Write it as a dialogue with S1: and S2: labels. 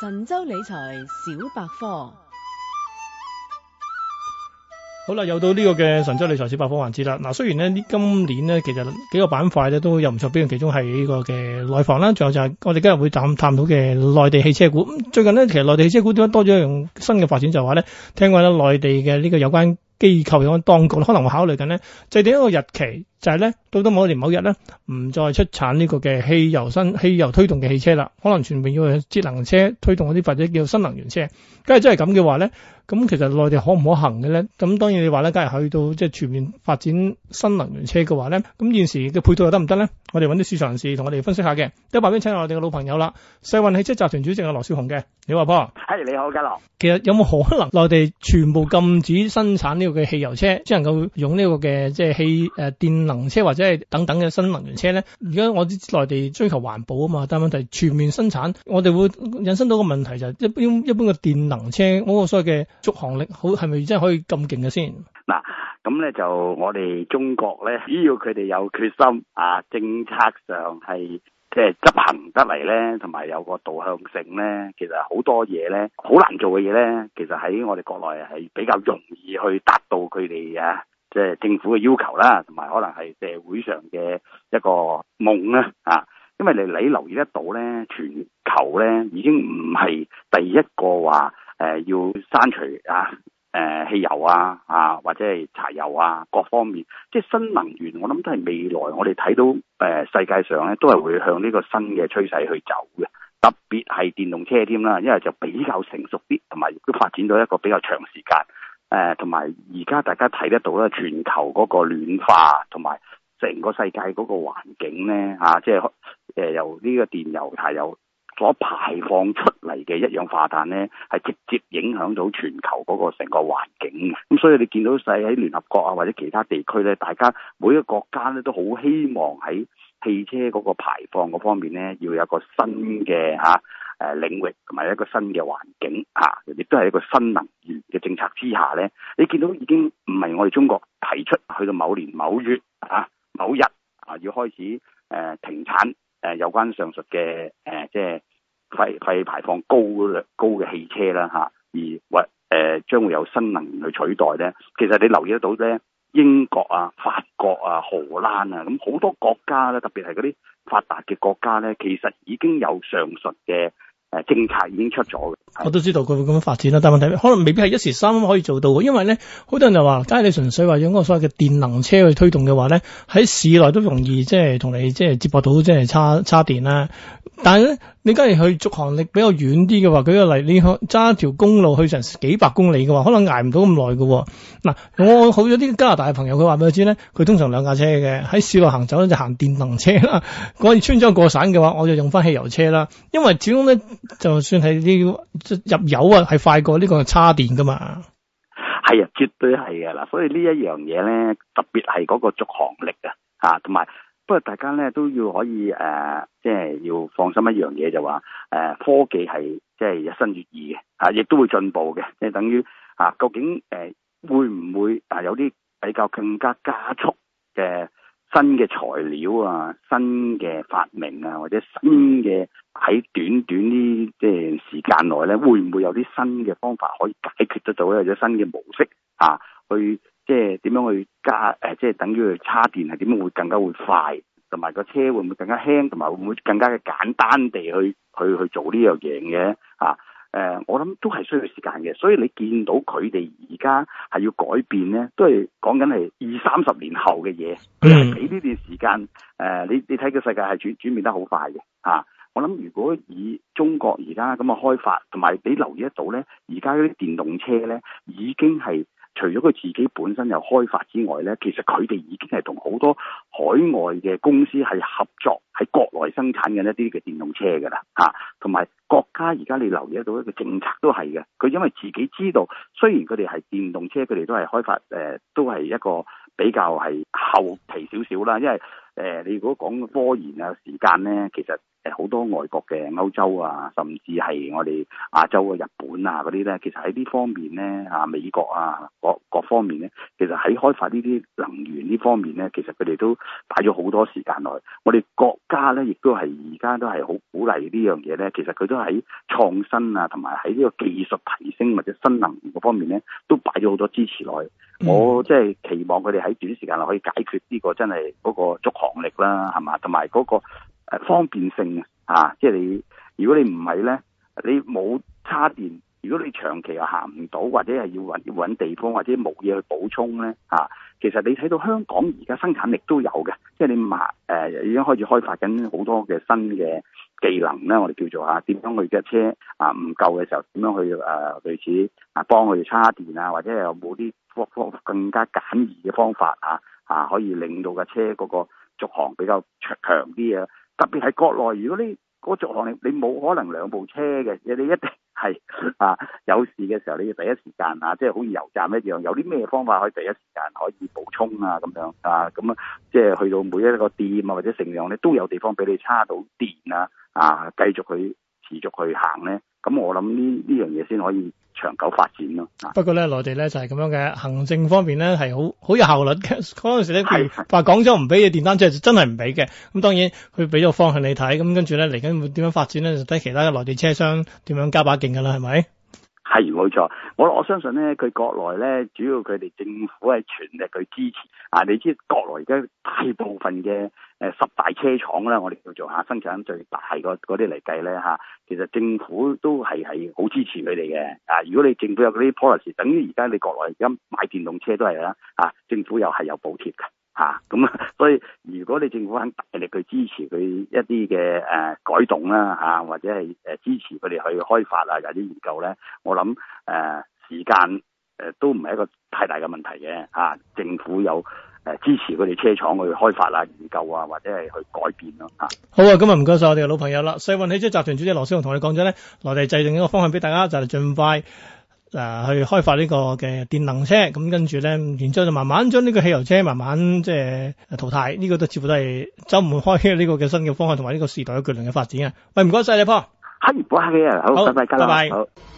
S1: 神州理財小百科，好啦，又到呢個嘅神州理財小百科環節啦。嗱，雖然呢今年呢，其實幾個板塊咧都有唔錯表現，其中係呢個嘅內房啦，仲有就係我哋今日會探探討到嘅內地汽車股。最近呢，其實內地汽車股點解多咗一樣新嘅發展，就話咧，聽講咧內地嘅呢個有關。機構有個當局，可能會考慮緊咧，制定一個日期，就係咧，到到某年某日呢，唔再出產呢個嘅汽油新汽油推動嘅汽車啦。可能全面要用節能車推動嗰啲，或者叫新能源車。假如真係咁嘅話咧，咁其實內地可唔可行嘅咧？咁當然你話咧，假如去到即係全面發展新能源車嘅話咧，咁現時嘅配套又得唔得咧？我哋揾啲市場人士同我哋分析下嘅。得，我哋請我哋嘅老朋友啦，世運汽車集團主席阿羅少雄嘅，你話婆。係、
S2: hey, 你好，家樂。
S1: 其實有冇可能內地全部禁止生產呢？要嘅汽油車，即能夠用呢個嘅即係汽誒電能車或者係等等嘅新能源車咧。而家我哋內地追求環保啊嘛，但問題全面生產，我哋會引申到個問題就係、是、一般一般嘅電能車嗰、那個所謂嘅續航力好係咪真係可以咁勁嘅先？嗱，
S2: 咁咧就我哋中國咧，只要佢哋有決心啊，政策上係。即係執行得嚟咧，同埋有，有個導向性咧，其實好多嘢咧，好難做嘅嘢咧，其實喺我哋國內係比較容易去達到佢哋啊，即係政府嘅要求啦，同埋可能係社會上嘅一個夢啦啊，因為你你留意得到咧，全球咧已經唔係第一個話誒要刪除啊。誒、呃，汽油啊，啊或者係柴油啊，各方面，即係新能源，我諗都係未來我，我哋睇到誒世界上咧都係會向呢個新嘅趨勢去走嘅，特別係電動車添啦，因為就比較成熟啲，同埋都發展到一個比較長時間，誒、呃，同埋而家大家睇得到咧，全球嗰個暖化同埋成個世界嗰個環境咧，吓、啊，即係誒、呃、由呢個電油柴油。所排放出嚟嘅一氧化碳呢，係直接影響到全球嗰個成個環境嘅。咁所以你見到世喺聯合國啊，或者其他地區呢，大家每一個國家呢都好希望喺汽車嗰個排放嗰方面呢，要有個新嘅吓誒領域同埋一個新嘅、啊呃、環境吓，亦、啊、都係一個新能源嘅政策之下呢，你見到已經唔係我哋中國提出去到某年某月啊某日啊要開始誒、呃、停產誒、呃、有關上述嘅誒。呃即係廢廢氣排放高嘅高嘅汽車啦嚇、啊，而或誒、呃、將會有新能源去取代咧。其實你留意得到咧，英國啊、法國啊、荷蘭啊，咁好多國家咧，特別係嗰啲發達嘅國家咧，其實已經有上述嘅。誒，政策已經出咗
S1: 嘅，我都知道佢會咁樣發展啦。但問題可能未必係一時三刻可以做到嘅，因為咧好多人就話，假如你純粹話用嗰個所謂嘅電能車去推動嘅話咧，喺市內都容易即係同你即係接駁到即係插插電啦，啊。但係咧。你梗係去續航力比較遠啲嘅話，舉個例，你去揸條公路去成幾百公里嘅話，可能捱唔到咁耐嘅。嗱、啊，我好咗啲加拿大嘅朋友，佢話俾我知咧，佢通常兩架車嘅喺市內行走咧就行電動車啦。我 穿州過省嘅話，我就用翻汽油車啦。因為始終咧，就算係啲入油啊，係快過呢、呢個叉電嘅嘛。
S2: 係啊，絕對係啊。嗱，所以一呢一樣嘢咧，特別係嗰個續航力啊，嚇同埋。不過大家咧都要可以誒、呃，即係要放心一樣嘢就話誒，科技係即係日新月異嘅嚇，亦都會進步嘅。即係等於嚇、啊，究竟誒、呃、會唔會啊？有啲比較更加加速嘅新嘅材料啊，新嘅發明啊，或者新嘅喺短短呢即係時間內咧，會唔會有啲新嘅方法可以解決得到或者新嘅模式嚇、啊、去。即係點樣去加誒、呃，即係等於去叉電係點樣會更加會快，同埋個車會唔會更加輕，同埋會唔會更加嘅簡單地去去去做呢樣嘢？啊，誒、呃，我諗都係需要時間嘅，所以你見到佢哋而家係要改變咧，都係講緊係二三十年後嘅嘢。嗯、mm。俾呢、hmm. 段時間誒、呃，你你睇個世界係轉轉變得好快嘅啊！我諗如果以中國而家咁嘅開發，同埋你留意得到咧，而家嗰啲電動車咧已經係。除咗佢自己本身有開發之外呢，其實佢哋已經係同好多海外嘅公司係合作喺國內生產嘅一啲嘅電動車噶啦吓，同、啊、埋國家而家你留意到一個政策都係嘅，佢因為自己知道，雖然佢哋係電動車，佢哋都係開發誒、呃、都係一個比較係後期少少啦，因為誒、呃，你如果講科研啊時間呢，其實。誒，好多外國嘅歐洲啊，甚至係我哋亞洲嘅日本啊嗰啲咧，其實喺呢方面咧，吓美國啊各各方面咧，其實喺開發呢啲能源呢方面咧，其實佢哋都擺咗好多時間落。我哋國家咧，亦都係而家都係好鼓勵呢樣嘢咧。其實佢都喺創新啊，同埋喺呢個技術提升或者新能源嗰方面咧，都擺咗好多支持落。嗯、我即係期望佢哋喺短時間內可以解決呢、這個真係嗰個續航力啦，係嘛？同埋嗰個。方便性啊！即係你，如果你唔係咧，你冇叉電，如果你長期又行唔到，或者係要揾要揾地方，或者冇嘢去補充咧啊！其實你睇到香港而家生產力都有嘅，即係你麻誒、呃、已經開始開發緊好多嘅新嘅技能咧，我哋叫做嚇點、啊、樣去嘅車啊，唔夠嘅時候點樣去誒、啊、類似啊幫佢哋叉電啊，或者有冇啲更加簡易嘅方法啊啊，可以令到架車嗰個續航比較強啲啊！特別係國內，如果你續航你你冇可能兩部車嘅，你一定係啊有事嘅時候你要第一時間啊，即係好似油站一樣，有啲咩方法可以第一時間可以補充啊咁樣啊，咁啊即係去到每一個店啊或者成樣咧，都有地方俾你叉到電啊啊，繼續去持續去行咧。咁、嗯、我諗呢呢樣嘢先可以長久發展
S1: 咯。不過咧內地咧就係、是、咁樣嘅，行政方面咧係好好有效率嘅。嗰陣時咧話廣州唔俾電單車，就真係唔俾嘅。咁當然佢俾咗方向你睇，咁跟住咧嚟緊會點樣發展咧，就睇其他嘅內地車商點樣加把勁噶啦，係咪？係冇錯，
S2: 我我相信咧，佢國內咧，主要佢哋政府係全力去支持啊！你知國內而家大部分嘅誒、呃、十大車廠啦，我哋叫做下、啊、生產最大嗰啲嚟計咧嚇、啊，其實政府都係係好支持佢哋嘅啊！如果你政府有嗰啲 policy，等於而家你國內而家買電動車都係啦啊！政府又係有補貼嘅。吓咁啊！所以如果你政府肯大力去支持佢一啲嘅誒改動啦吓、啊，或者係誒支持佢哋去開發啊、有啲研究咧，我諗誒時間誒都唔係一個太大嘅問題嘅吓。政府有誒支持佢哋車廠去開發啊、研究啊，或者係去改變咯吓。啊
S1: 好啊！咁啊，唔該晒我哋嘅老朋友啦，世運汽車集團主席羅少雄同你講咗咧，內地制定一個方向俾大家，就係、是、盡快。嗱，去開發呢個嘅電能車咁，跟住咧，然之後，後就慢慢將呢個汽油車慢慢即係、呃、淘汰，呢、這個都似乎都係走唔開嘅呢個嘅新嘅方向同埋呢個時代嘅巨輪嘅發展啊！喂，唔該曬你，波好，黑唔好黑嘅，好，拜拜，拜拜。